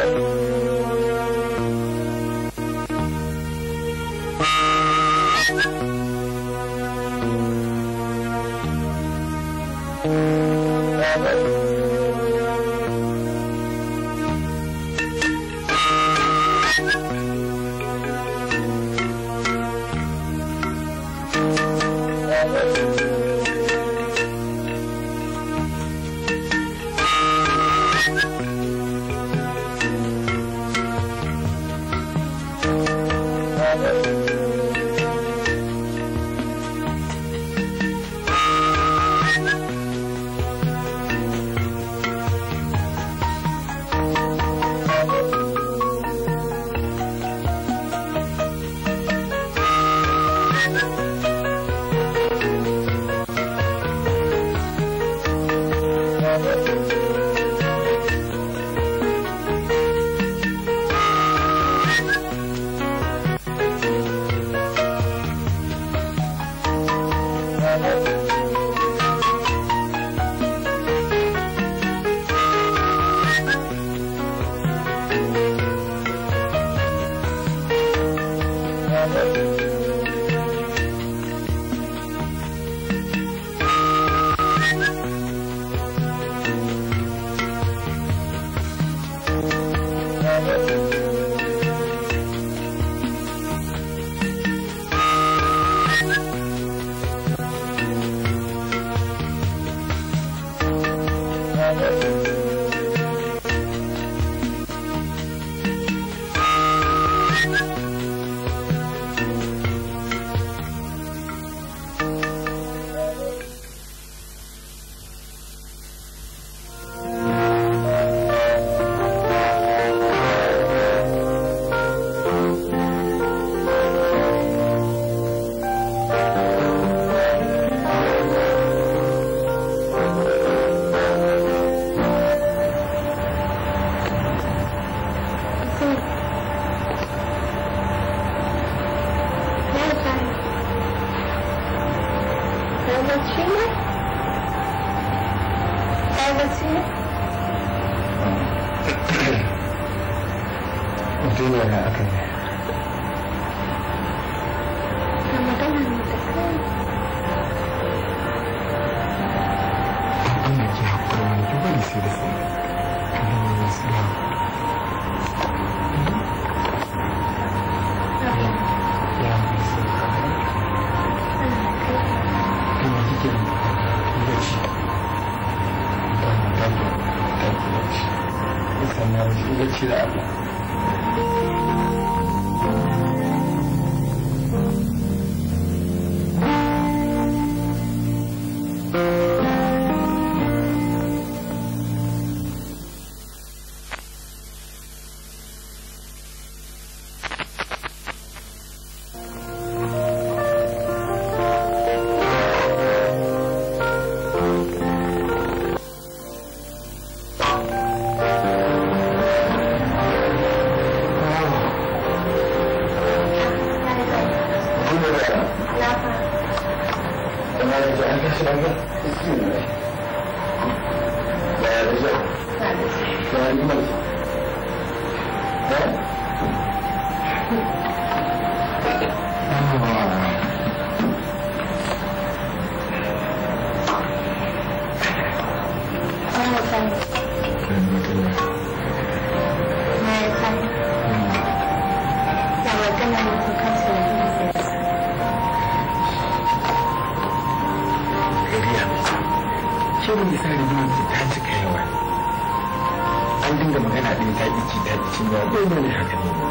Thank you.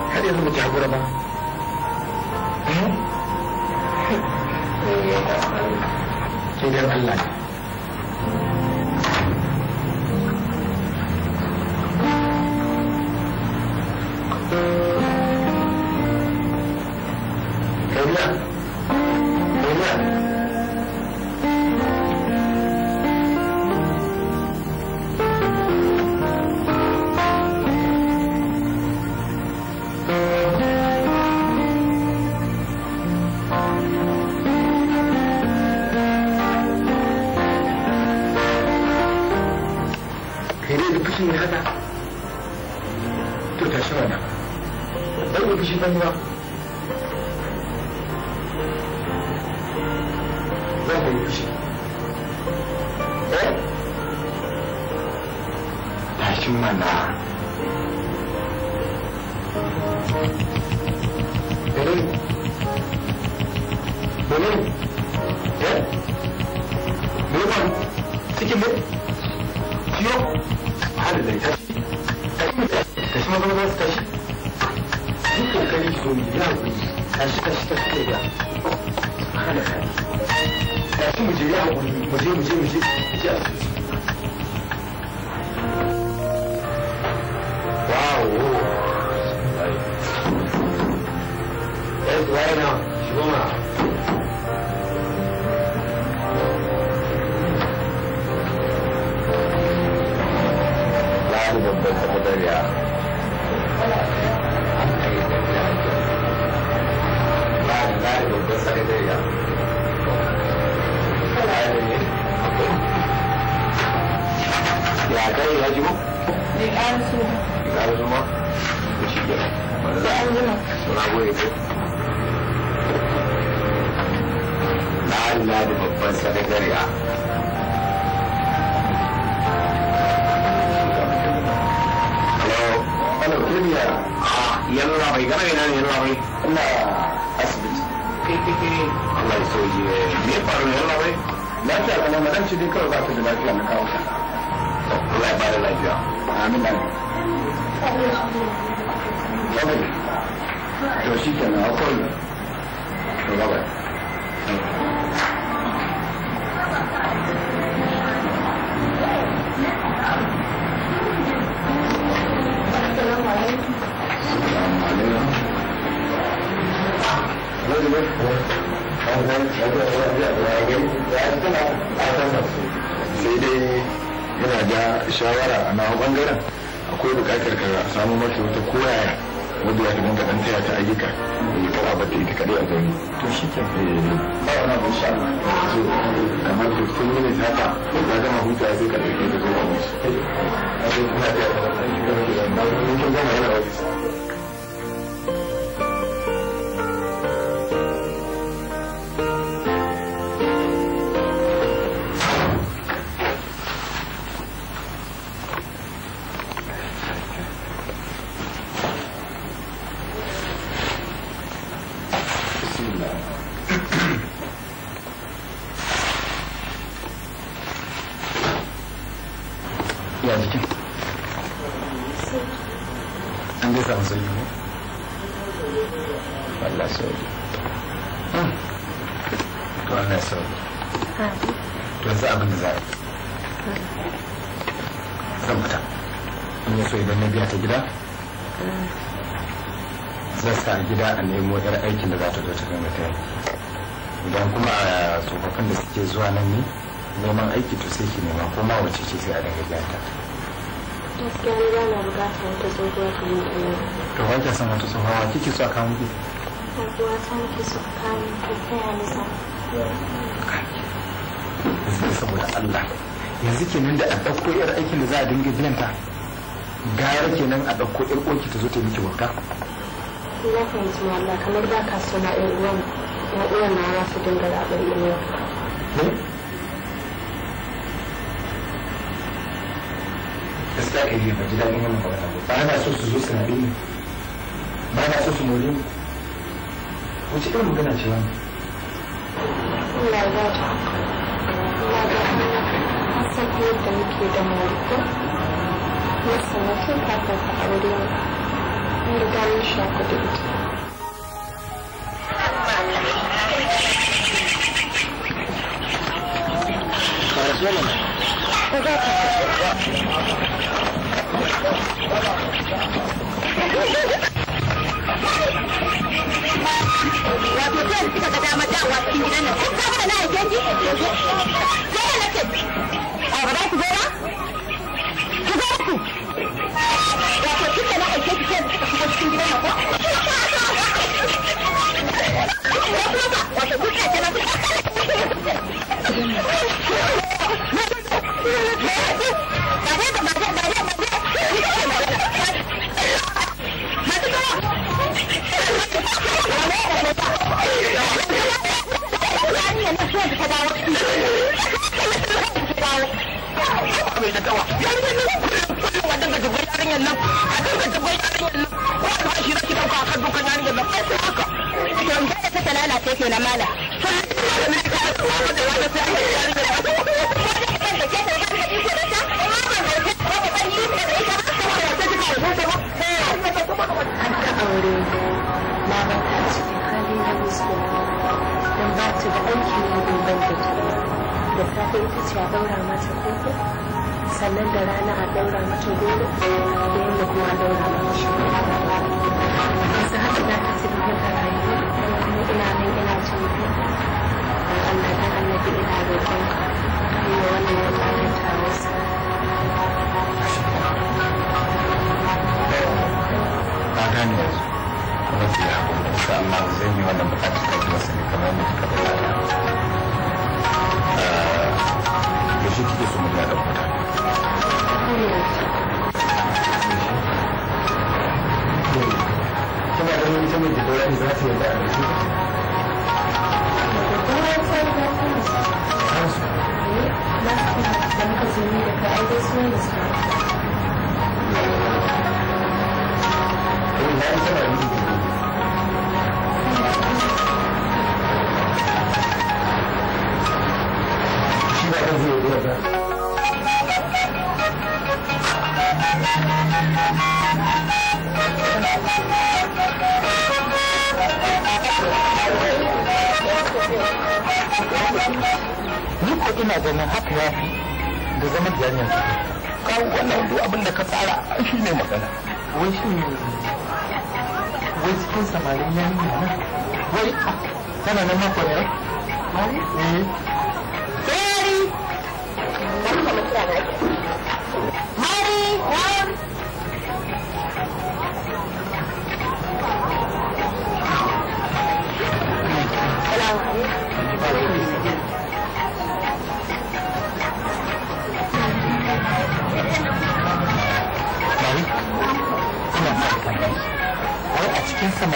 还有什么讲过了吗？嗯？今天很懒。Libya yalwa bai gama yana yalwa bai ina asibiti kai kai kai Allah ya soye me faru yalwa bai lafiya kana madan ci dai kawai ba ta da lafiya na kawo ta Allah ya ba da lafiya amin amin Sabi, to shi kenan akwai, to gaba. sai dai yana da shawara a nawa bangaren akwai bukatar ka samu mata wata koyaya wadda ya dinga dan taya ta ayyuka eh kana ba ta ita kadai a gani to shi ke ba wani abu insha to kamar ya gama huta ya sai ka ta zuwa a sai kuma ta ta gama aiki to sai ki nema ko ma wace ce sai a daga gyata gaskiya ni ba na ta wata kamar ɗaya to ba san wata tsohuwa kike so a kawo ki ya saboda Allah yanzu kenan da a ɗauko yar aikin da za a dinga biyan ta gara kenan a ɗauko yar ƙoki ta zo ta miki wanka na fahimci kamar ka so na uwan na uwan na dinga zaɓar za ka yi fajira in wani magana ba ba na so su zo su rabe ni ba na so su mori ni wace irin magana ce wani Allah ya ta. Allah ya ta. Asa ke da mu ke da mu ko. Ya sanar ka ta ka aure. Mu da ga shi ko da ita. Ka zo mana. Ka ga ta. wato sai suka ga damar dawowa cikin gidan nan kun samu da na haife ki sai na ce ba za zo ba ne na mala. aure na manta cikin hali na miskin don ba da ne da da a daura mata koko sannan da rana a daura mata goro da kuma a daura mata shi to that ina haka ya fi da zama abin da ka tsara shi ne magana wai shi ne wai cikin samarin wai ah, tana nan makon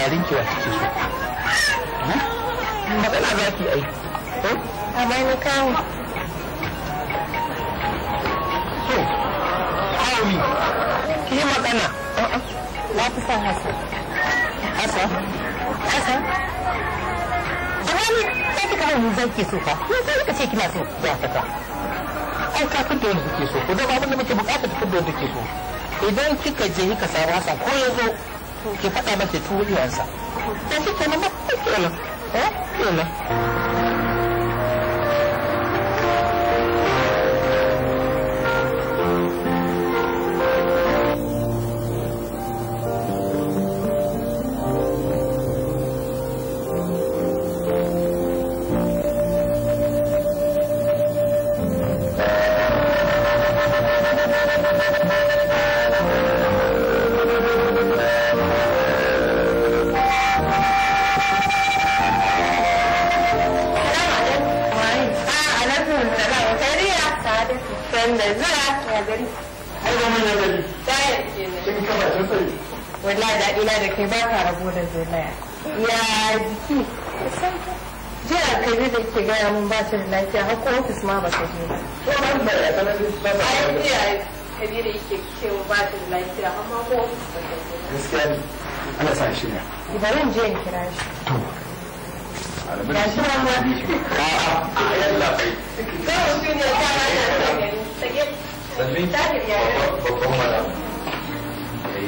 samarin ki wa so matsala hm? za ki ai eh? a bani kawo so kawai ki yi magana na fi son hasa hasa hasa Jawani, sai kika hau mun ke so fa. sai kika ce kina so. Ya Ai ka wanda kike so. abin da muke bukata wanda kike so. Idan kika je kika samu ko ya zo ki faɗa masa turiyarsa. Eh, wallahi da ina da kai ba ka rabo da zolaya ya jiki jiya ka da ke gaya mun ba ta da lafiya har ko ofis ma ba ka je ba ai jiya ka ji da yake ba ta da lafiya har ko ofis ba ka je ba ana sa shi ne ibaran je in kira shi shi ma ma a yalla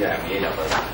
bai ya da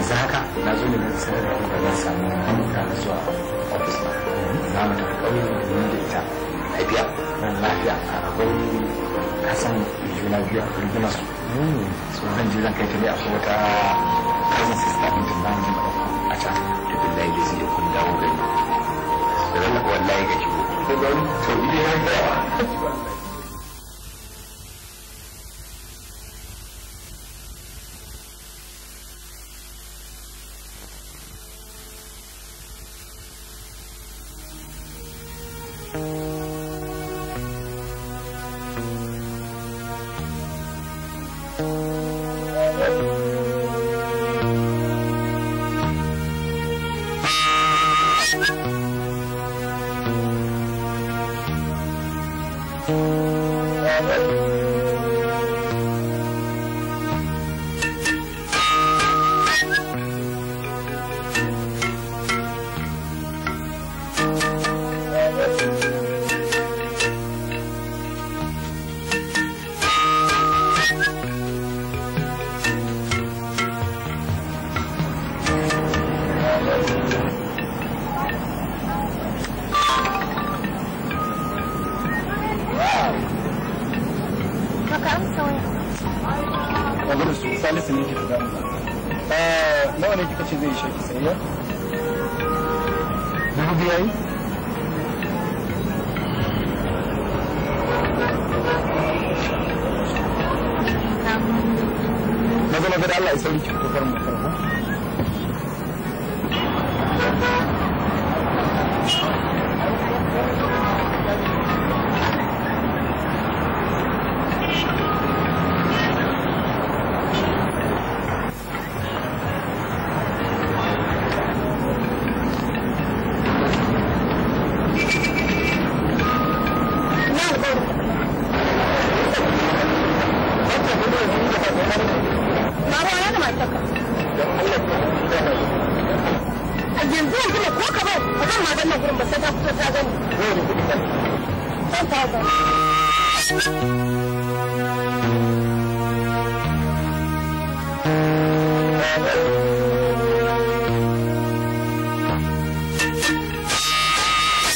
yanzu haka na zo da na sanar da kuma na samu amuka na zuwa ofis na mata da kawai da domin da ita haifiya na lafiya a akwai kasan juna biyu a rigima su so zan je zan kai ta ne akwai wata kasan sista ɗin da za mu a can da bin da yake sai kun dawo gari da zan wallahi ga shi ko ga wani to idan ya ga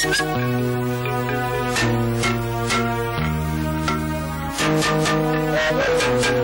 Thank you.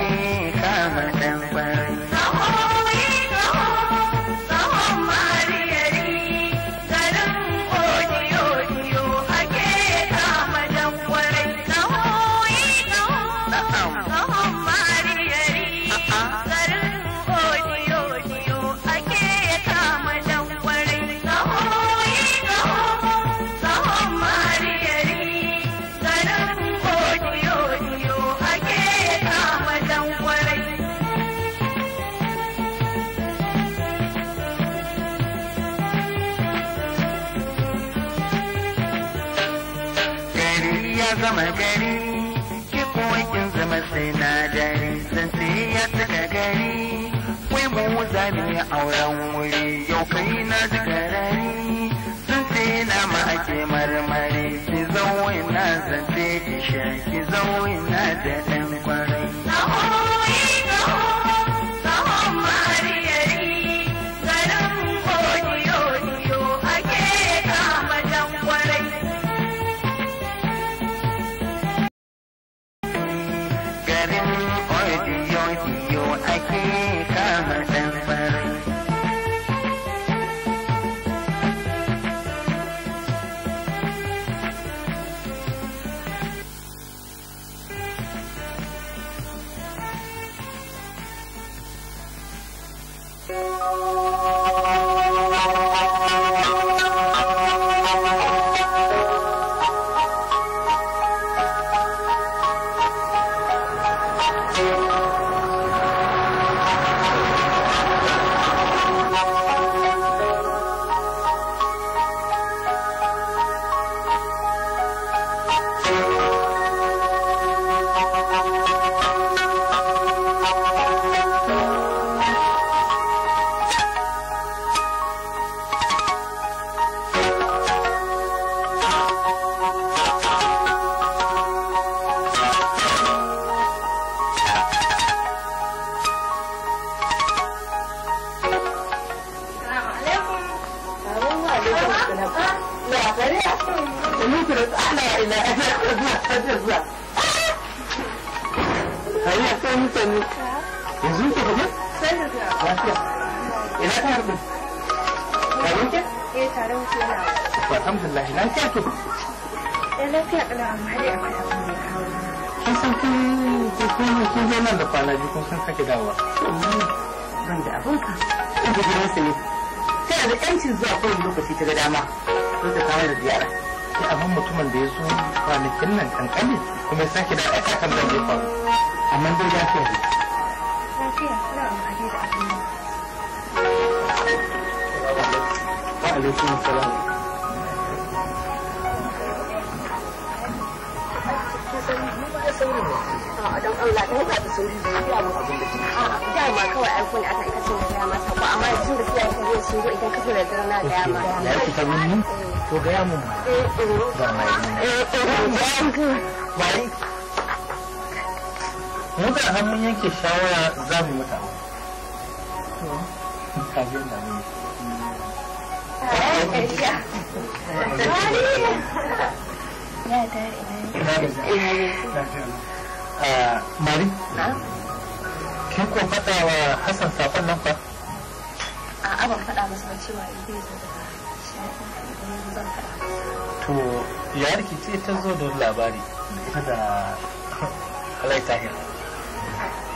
Bye.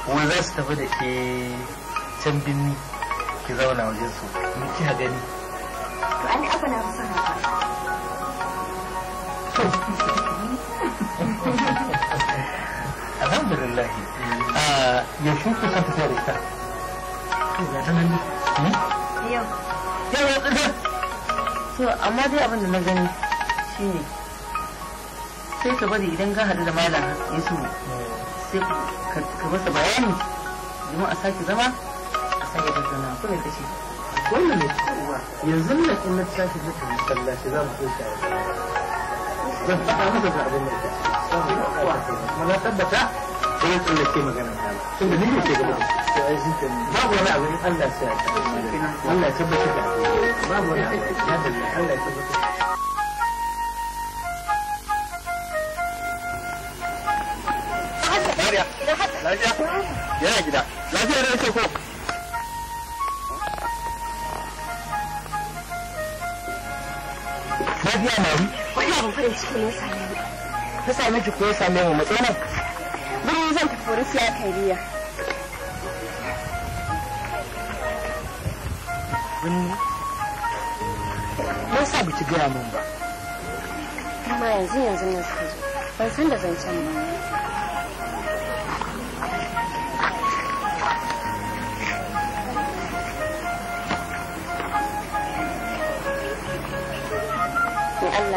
wai za su tafi da ke can birni ki zauna wajen su mu ci gani to an abu na son haka alhamdulillah ah, ya shi ku san tafiya da ita to ga nan hmm? yau yau to amma dai abin da na gani shine sai ka bari idan ka hadu da malam Yusuf hmm. sai ka masa bayani kuma a sake zama a sake tattauna ko me kace wannan ne uwa yanzu nan in na tashi na tafi sallaci za mu so shi zan faɗa masa da abin da ke kuma na tabbata sai ya magana tun da ni ne ke gaba to ai shi Ba babu wani abin Allah sai ya tabbata Allah ya tabbata Ba babu wani abin Allah ya tabbata yana gida lafiya da ce ko lafiya na yi wani abin farin ciki ne same ni na same ki ko same mu matsala? nan zan tafi wurin siya kariya Bunni, ban sa biki gaya min ba. Amma yanzu yanzu na suka zo, ban san da zancen ba.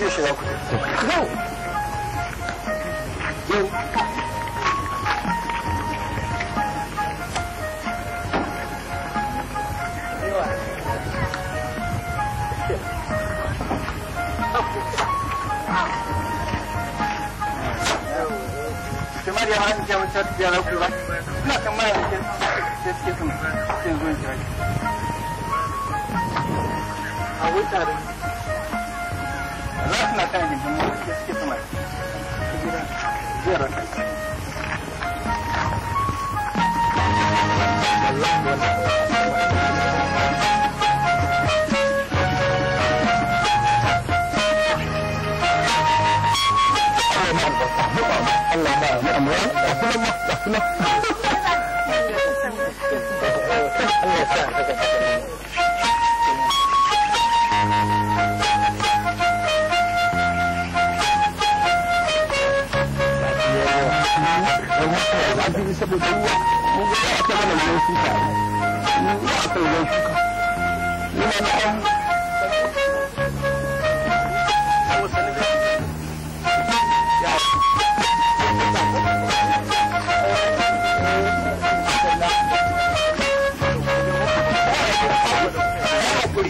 继续。Go。Go。Cuma dia orang dia ucap dia lalu keluar. Nak kemana dia? Dia dia kemana? Dia kemana? Awak tahu. Akan dijemur sedikit lagi. Segera biar akan. da zafi saboda ruwa mun mana ruwan shuka mun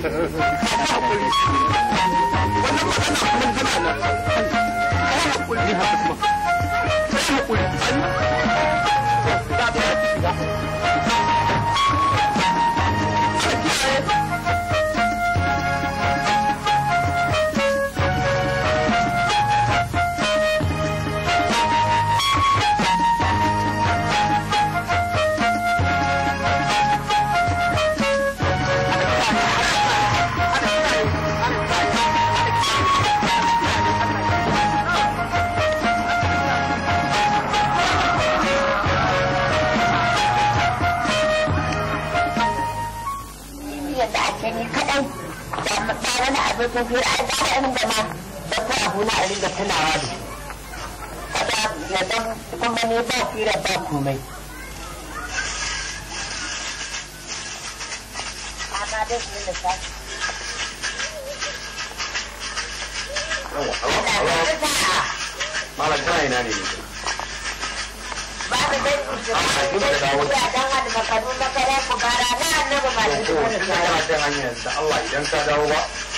ga sai kun fi ai ba a inda ma da ta abu na a ringa tunawa da kada ya dan kuma ne ba fira ba komai amma dai su da sa Malam kana ina ne? Ba da dai ku ji. Ba da dan da makaru makara ku bara na annabi ba da duk wani Allah idan ka dawo ba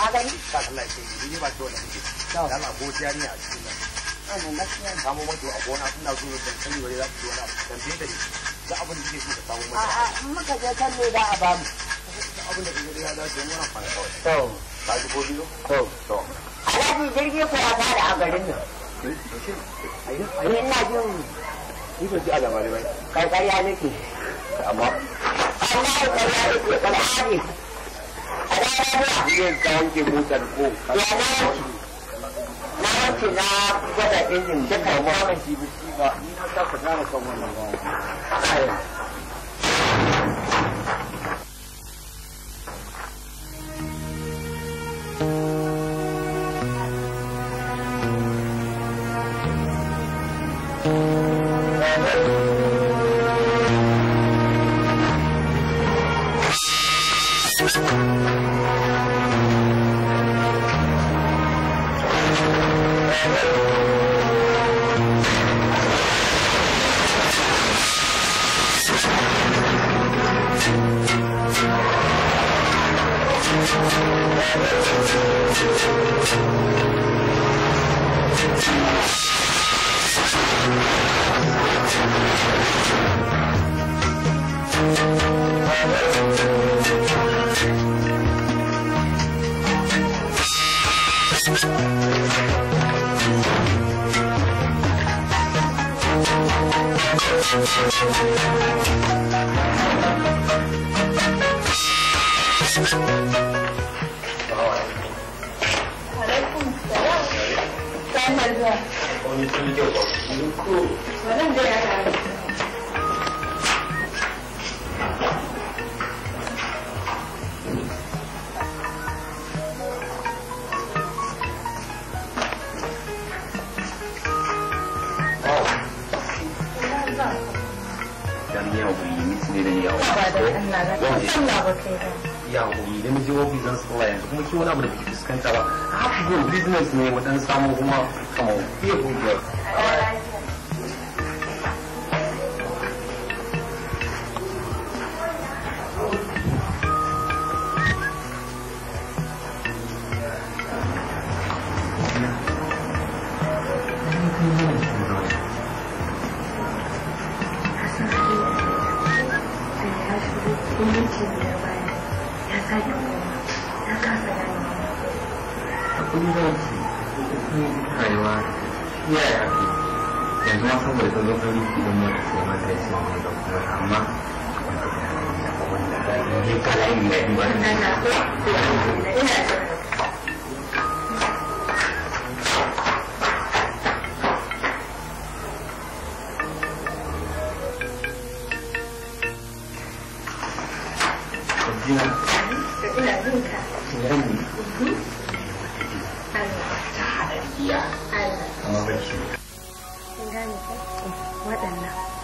ka gani ba Allah ke ni ba to wannan ke ne a cikin nan wannan gaskiya mu a gona suna zuwa da wani za wani abu dan da ni da abin da yake so ka samu a muka je kan ne da a ba mu abin da da mu na fara to ji ko biyo to to ko a fara a garin nan ayi ina jin ni ban ji alamari nake amma nake jiyan ka wanke motar ko ka wanke na ba ka ji biki ba na thank you Thank you.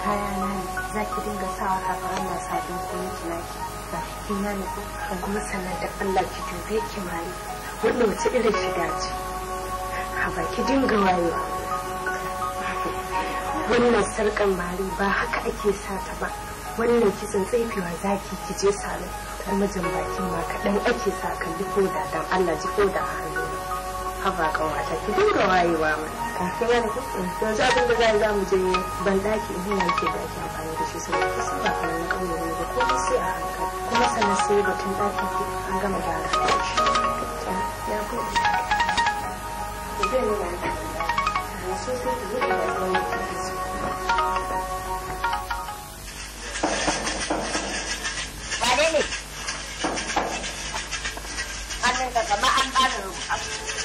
kayana ne za ki dinga sawa kafin Allah sabin kuma ki naki ba kina ne ko kuma sannan da Allah ki jube ki mari wannan wace irin shiga ce ha ba ki dinga wayewa wannan sarkan mari ba haka ake sa ta ba wannan kitson tsaifewa zaki ki je salon har mijin bakin ma kaɗan ake sa kalli ko da dan Allah ji ko da hannu ha ba kan wata ki dinga wayewa mana kafin yana kuskure eh, yanzu abin da za a mu je ban in hina yake da ake amfani da shi saboda sai a hankali kuma sannan sai ɗakin an gama gyara ya zai yi sai ba ka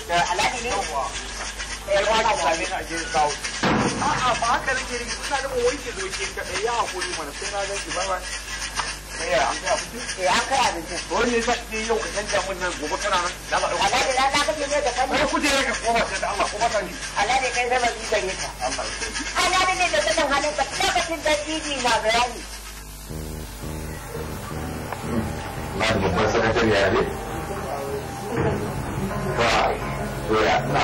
Da kai ma ki same ni a gidan a'a ba haka nake rigi ki ka eh, ya hakuri mana sai na eh, eh, yau ka nan gobe kana na ka ce ne da da Allah ni. zama ne na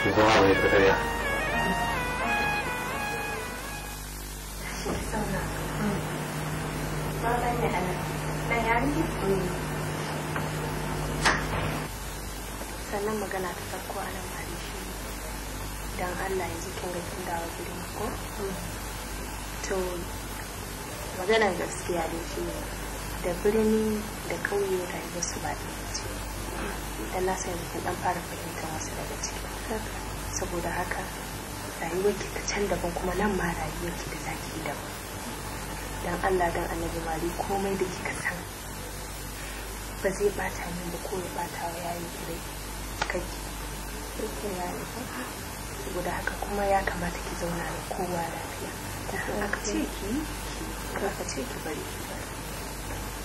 Sannan magana ta farko a nan ba shi don allah yanzu kin ga dawo gidan ko to maganar gaskiya da shi da birni da kauye rayuwar su ba ce dan na sani dan fara fahimta wasu daga ciki saboda haka rayuwar ki ta can daban kuma nan ma rayuwar ki da zaki daban dan Allah dan annabi mali komai da kika san ba zai bata min ba ko ya bata wa yayi ki kai saboda haka kuma ya kamata ki zauna da kowa lafiya dan bari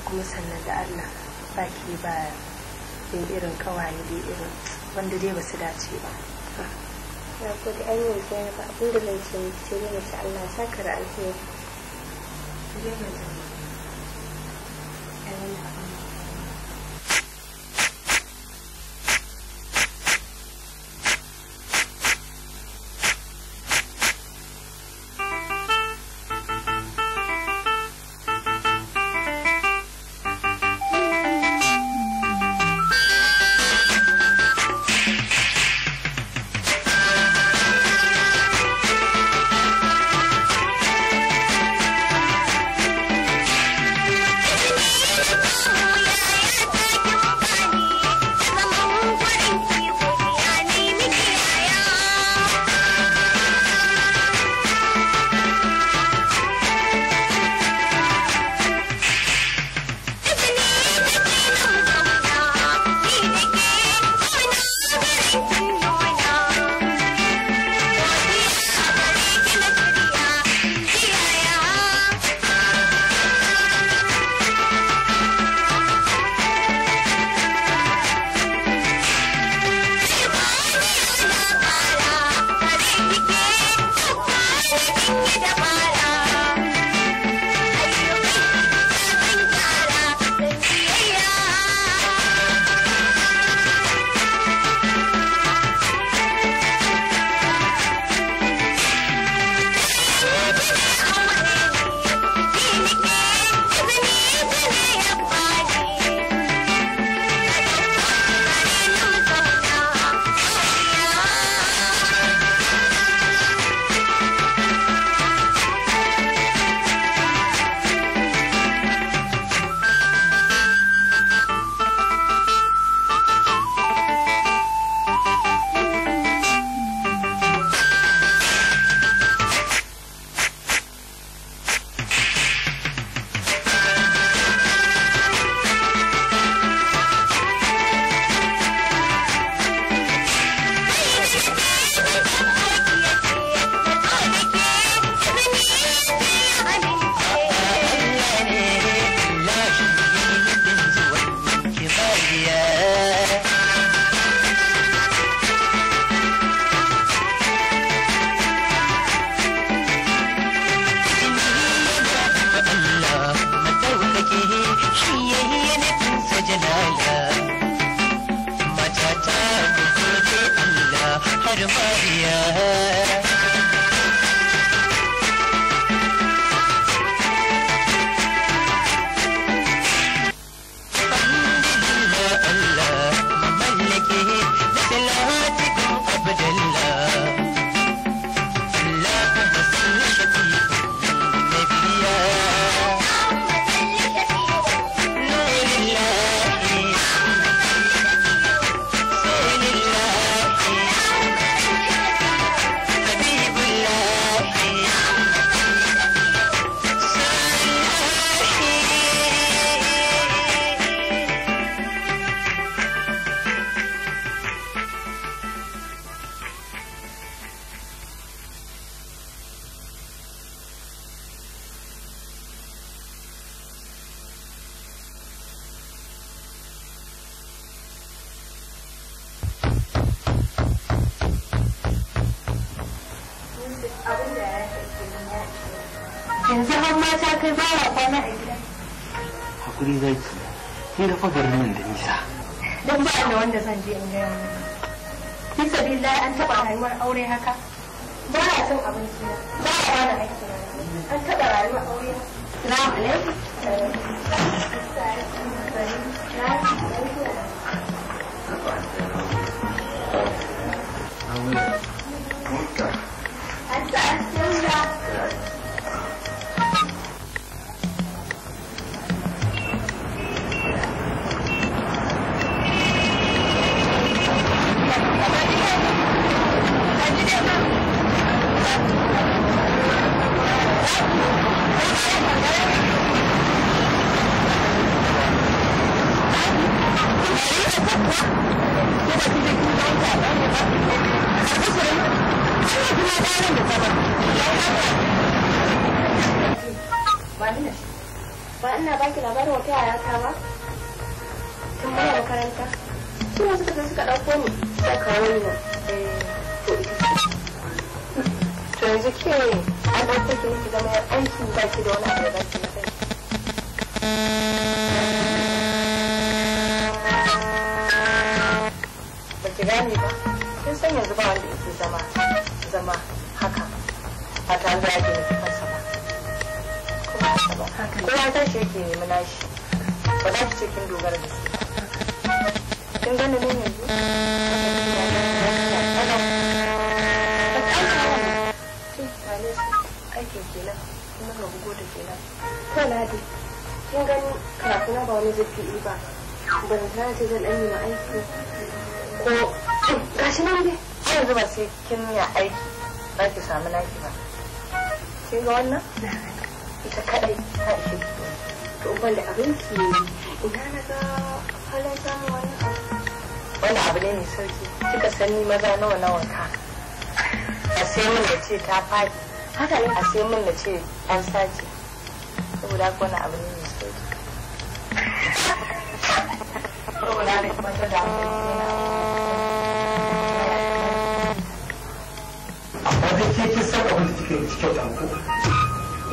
kuma sannan da Allah baki ba sai irin kawaye da irin wanda dai basu dace ba ku da an yi zai ba abin da zan ce miki sai dai mace Allah sakara alheri ba ta da yake kansa kuma haka ba yake nemi nashi ba za ce kin dogara da su kin ne yanzu kenan kuma ga da kenan ladi kin gani karatu na ba wani zafi ba ban ce zan ɗan yi ma aiki ko gashi nan yanzu ba sai kin ya aiki ba ki samu naki ba kin ga wannan ita kadai ta ishe to ina na ga halin wannan abu ne mai sauki kika maza nawa a sai da ce ta fadi haka ne a sai da ce an sace saboda haka wani abu ne mai sauki ke da kyauta ko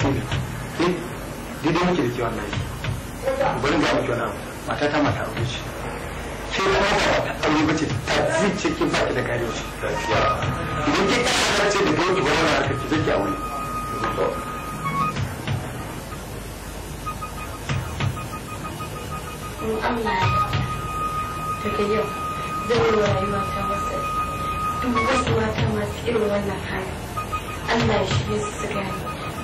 daidai muke da kiwon bari ga muke wani mata ta mata sai kuma ta da idan ta ce da ba wani ki Allah ya yau rayuwa ta duk wasu mata masu irin wannan Allah ya su gani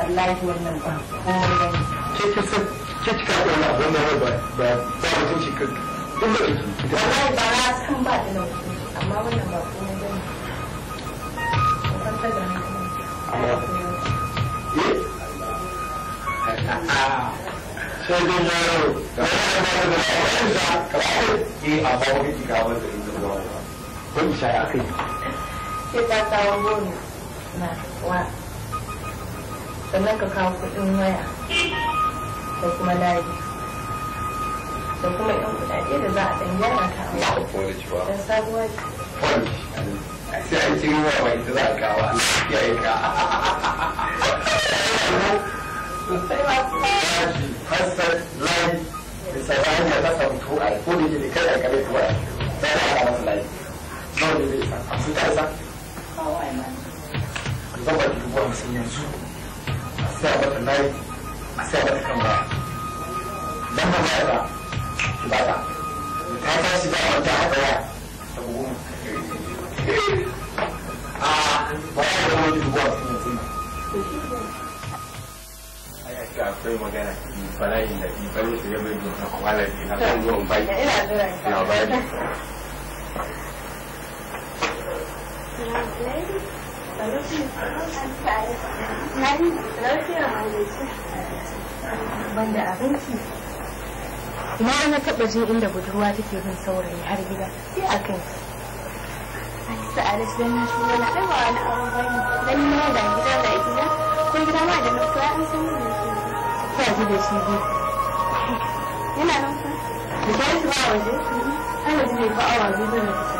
wallahi wannan ba komai ba ne ke ki san ke ba kaɗa wani abu wannan ba ba ba mutum shi ka duk da kike wallahi ba na ba da nan amma wannan ba komai ba ne kwantar da hankali eh? ah, ah. sai dai yaro da wani da wani da kawai yi a bawa kiki ba wanda ba. da ruwa eh, ba wani kai sai ta kawo gona na wa sannan ka kawo kuɗin waya da kuma layi da kuma yan kuɗaɗe da za a ɗan gyara ta a wata dan sabuwa ce sai a yi cikin waya mai ta za a kawo a ya yi ka sosai masu lashi hassar layi da sauran ya ta samu ko a ko da yake da kada kare ta waya za a kawo masa layi nawa ne zai A hamsin ta isa zan ba ki dubu hamsin yanzu sa mata nayi a sa mata kan waya dan ba waya ba ba ta ta tashi da wata haɗa waya ta bugu a ah, waya da wani dubuwa cikin mutum ka akwai magana bala'in da ibalin da ya bai gina kwalar kan zuwan bai na bai Thank you. banda abinci ina na taba jin inda budurwa take bin saurayi har gida sai a kai sa a rasu don shi wani aiwa wani abu bane don ni ma da gida da gida ko gida ma da nufa an san ne shi ta ji da shi ne. yana nan ku da shi ba waje ana ji ba awa ne da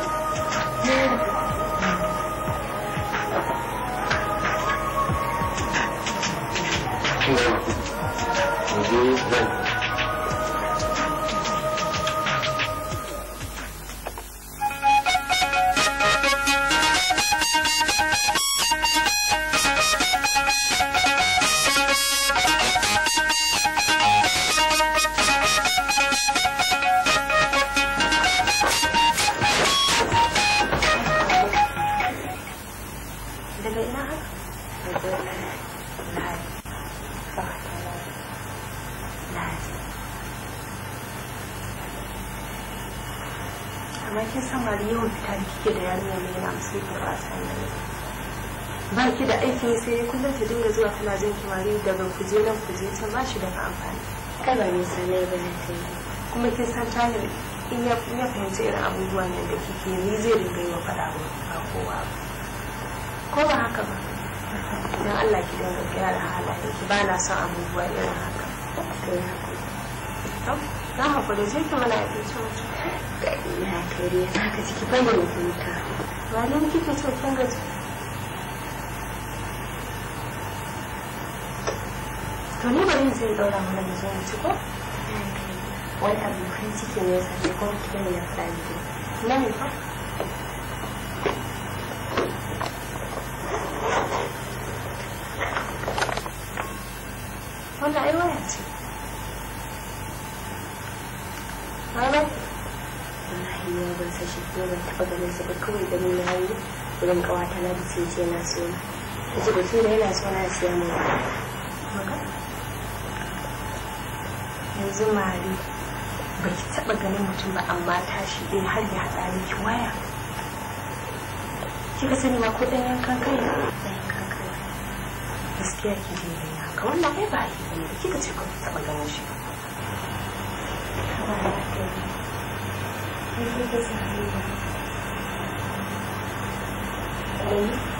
ba nisa na yi kuma kin san tarin in ya fahimci irin abubuwa ne da kike ni zai rinka yi wa faɗa ba kowa ko ba haka ba don Allah ki dinga gyara halaye ki ba na son abubuwa irin haka to ya ku to za na hakuri zai ki mana yafi so ga ina kare za ka ciki bayyana kinka ba wani kike so kin gaji to ni bari mu sai daura mana da zuwa wani abokan ciki ne ne yana so na yanzu mare ba ki ganin mutum ba amma tashi dai har ya haɗa miki waya kika sani ma ko ɗan yankan kai ɗan yankan kai gaskiya ki je ne haka wannan ai ba ki ne ki kika ce ko taba ganin shi ba Thank you.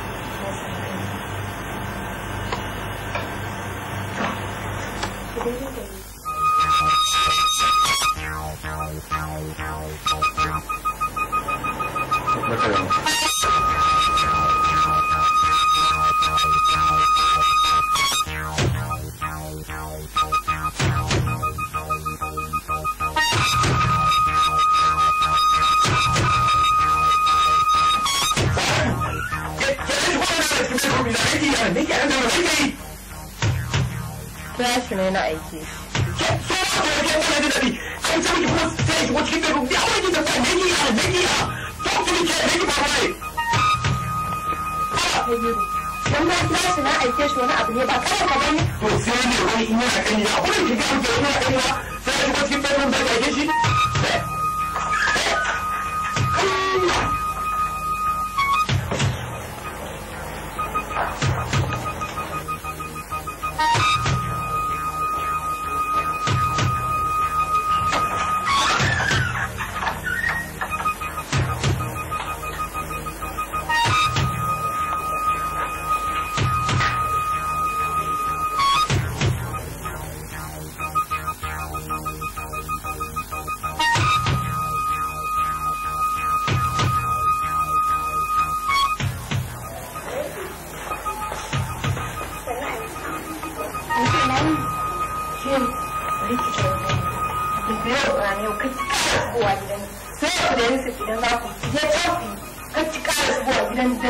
da yusuf idan za ku je kofi kan ci kara zuwa gidan da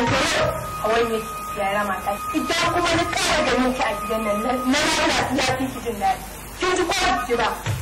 a wani yake yara mata idan kuma na kara ganin ki a gidan nan na rana ya fi ki jin daɗi kin ji ko ba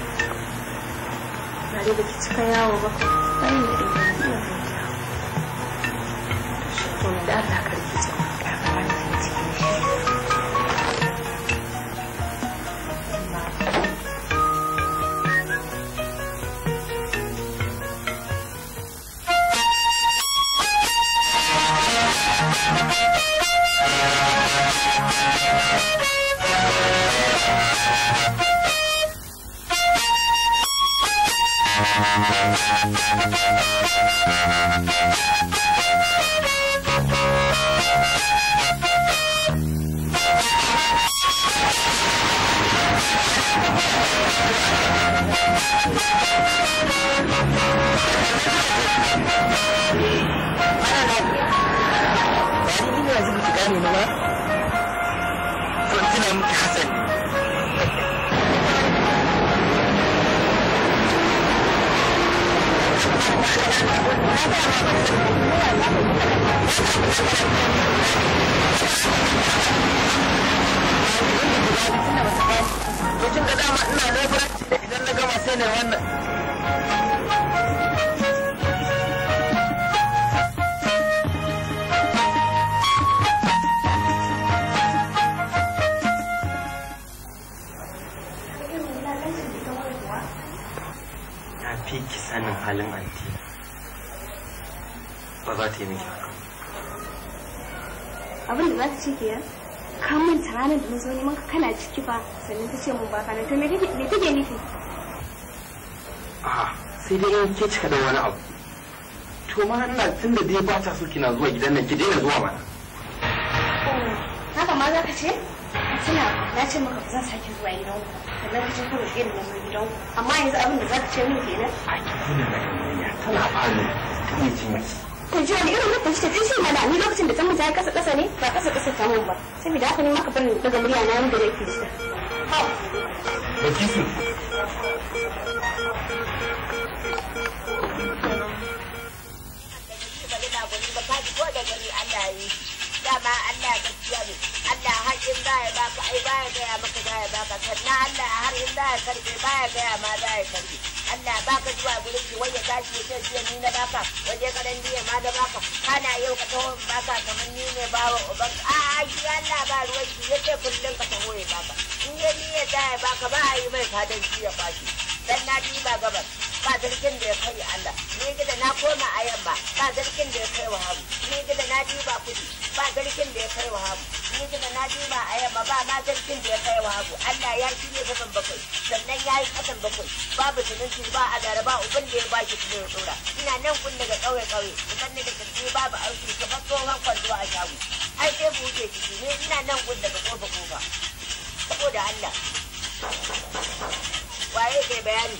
ba da baki yawo ba Thank you. mutum da dama ina idan na wannan fi ki sanin halin anti ba za ta yi miki haka abin da za ta ce kenan ka manta ranar da na zo neman ka kana ciki ba sannan ta ce mun ba ka nan to me take nufi a sai dai in ke cika da wani abu to ma ina tun da dai ba ta so kina zuwa gidan nan ki daina zuwa mana haka ma za ka ce tana na ce maka ba zan sake zuwa gidan ku sannan ka ce ko shi da zo gidan ku amma yanzu abin da za ka ce min kenan a ki kuna da kamar tana ba ni ta ne to ji wani irin mutum shi tafi shi mana ni lokacin da tsamma zai kasa kasa ne ba kasa kasa ta mun ba da haka ne maka barin daga murya na yanda yake shi ha Bakisu dama Allah gaskiya ne Allah har in baya baka ai baya gaya maka gaya baka sannan Allah har in ya karbe baya gaya ma ya karbe Allah baka zuwa gurin ki wai ya tashi ya ce jiya ni na baka waje karan jiya ma da baka kana yau ka taho baka kamar ni ne bawa uban a a ki Allah ba ruwan ki ya ce kullum ka taho ya baka in ya ni ya baka ba a yi mai fadan ya fashi dan na ba gabas ba zargin da ya kai Allah ni gida na koma a yamma ba zargin da ya kai wa hamu ni gida na duba kudi ba zargin da ya kai wa hamu ni gida na duba a yamma ba ma zargin da ya kai wa hamu Allah ya shi ne gaban bakwai sannan ya yi kasan bakwai babu zunubi ba a garaba ubin da ya ba shi cikin tsora ina nan kun daga ƙauye ƙauye kusan daga kirji babu aiki ta fasto hankon zuwa a shago ai sai buɗe ciki ne ina nan kun daga ƙofa ƙofa saboda Allah waye ke bayani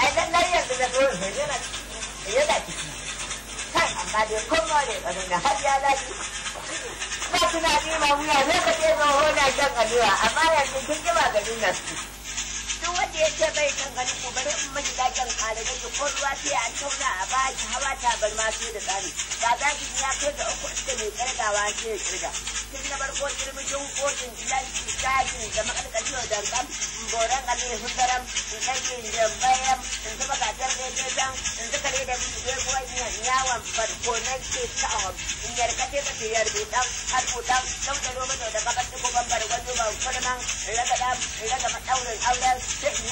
ai lallai yanzu da zuwa zai yana yana ciki kan amma dai kuma ne tsarin da har ya lafi ba tunani ma wuya lokacin zuwa hona shan a baya yanzu kin ji maganin nan ya bai kan gani ku bari in miji dakin kalabai ki ko ruwa fiye a tauna a baki hawa tabar ma da tsari ga zaki ya kai ga uku inda mai kargawa sai ya kirga tun na farko jirgin kotun jilanci jajin da makalkaliyar dankam boran kalin hundaram in kai da bayan in zuba gasar daidai zan in zuka ne da biyu kuwa yawon farko na ke sa'ahom in yarka ce ka ce yarbe dan har dan dauda romato da kabar tukuban bargon zuba kurman raga dam raga maɗaurin auren sai in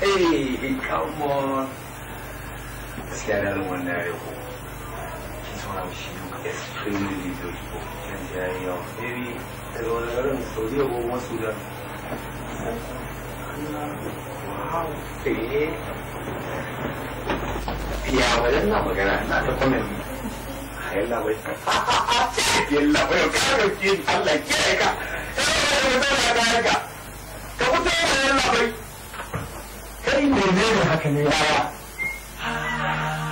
eh come on gaskiya da ran wannan yare ko kin sauna mu shi look extremely beautiful kin ji yayi yau baby daga wani garin Saudiya ko kuma Sudan wow eh ya wajen na magana na ta comment hayalla bai yalla bai ka dauki Allah ke ka eh ka ka fito yalla bai kai menene haka ne yaya ah. ah.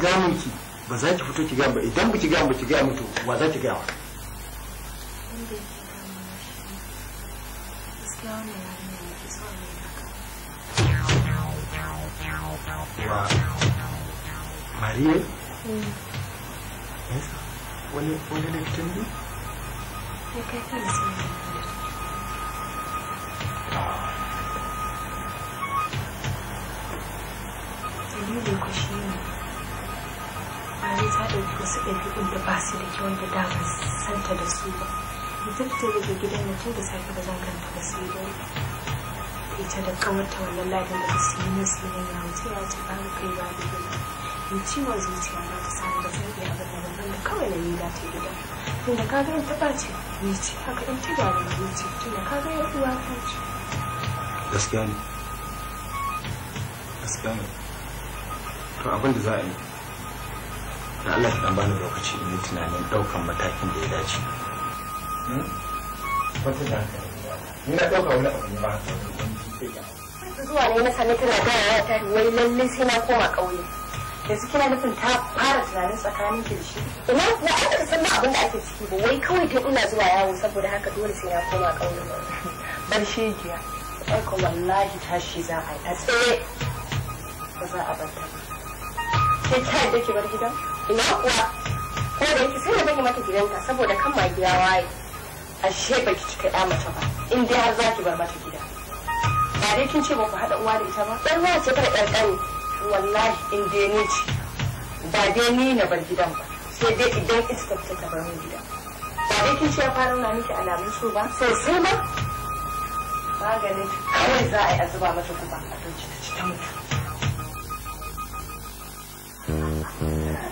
gaya miki ba za ki fito ki gaya ba idan ba ki gaya ba ki gaya mutu wa za ki gaya wa Mariya? Mm. Wani wani da fitin ne? Ya kai kai da wasu ɗabi'un da ba su da kyau wanda da ban santa da su ba ta fito daga gidan mutum da safe ba zan ganta ba sai dai ita da kamata wannan ladan da su yi nasu ne ya wuce ya ce ba mu kai ba da gida in ciwon zuciya na ta samu ba zan iya abin da ban da kawai na yi da ta gida tun da ka gani ta ɓace ni ce haka in ta gyara da zuci tun da ka gani uwa ta ce gaskiya ne gaskiya ne to abin da za a yi na Allah ka bani lokaci in yi tunanin ɗaukan matakin da ya dace wata da ni na ɗauka wani abu ne ba zuwa ne na sami tana gaya ta wai lalle sai na koma ƙauye yanzu kina nufin ta fara tunanin tsakanin ki da shi ina na aka san ba abin da ake ciki ba wai kawai dai ina zuwa yawo saboda haka dole sai na koma ƙauye bar shi giya aiko wallahi tashi za a yi a tsaye ba za a bar ta ba ke ta da ke bar gidan ina uwa ko da yake sai da zan yi mata gidanta saboda kan ma gida waye ashe baki cika ya mata ba in dai har zaki bar mata gida ba dai kin ce ba ku haɗa uwa da ita ba dan uwa ce ta ƙarƙari wallahi in dai ni ce ba dai ni na bar gidan ba sai dai idan iska fita ta bar min gida ba dai kin ce ya fara na miki alamun so ba sosai ba maganin kawai za a yi a zuba mata kuma a don ci ta mutu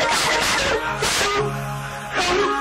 Thank you.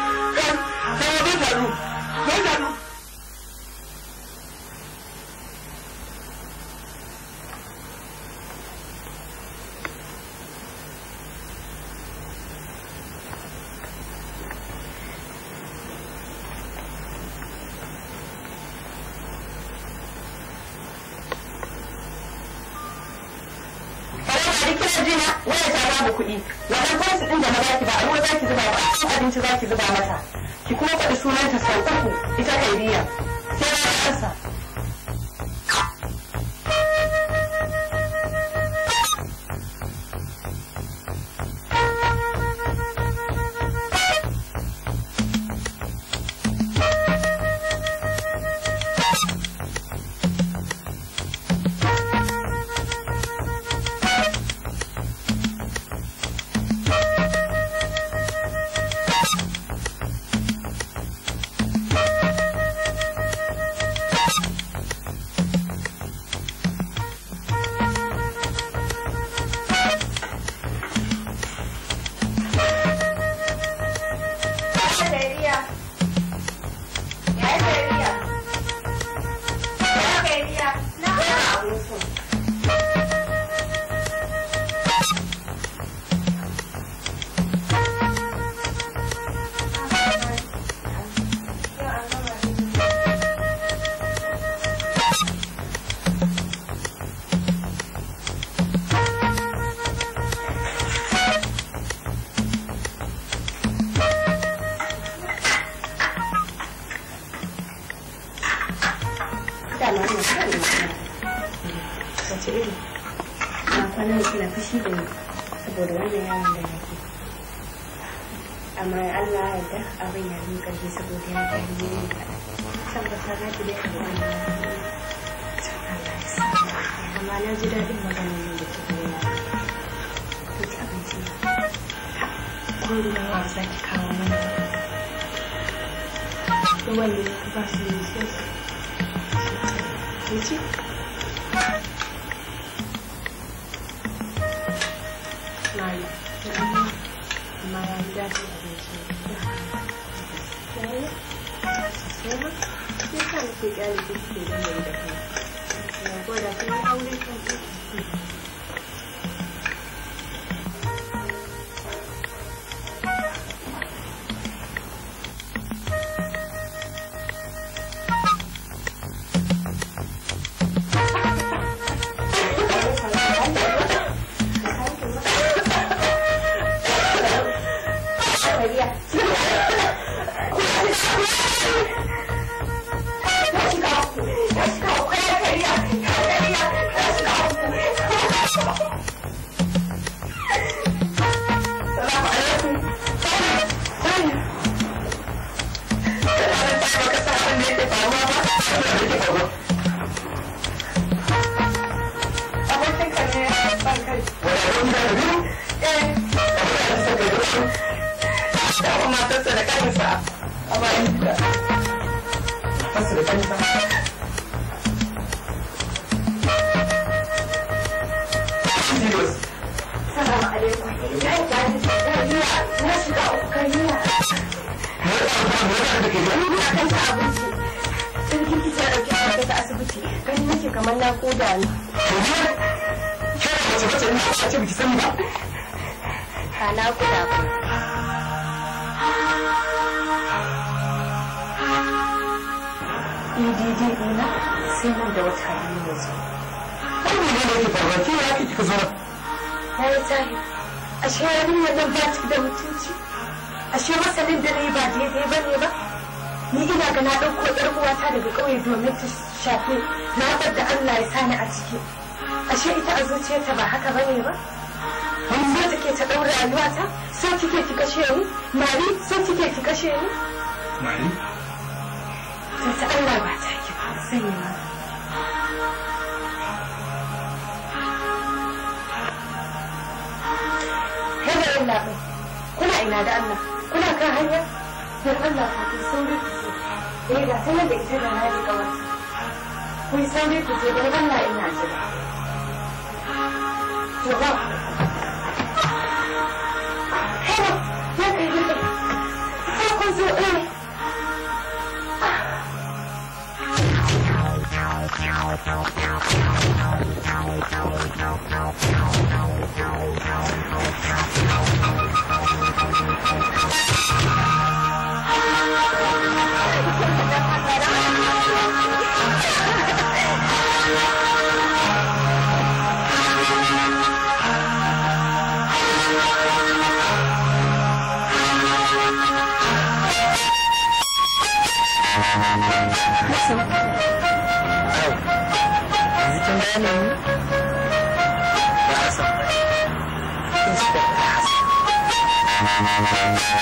Thank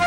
you.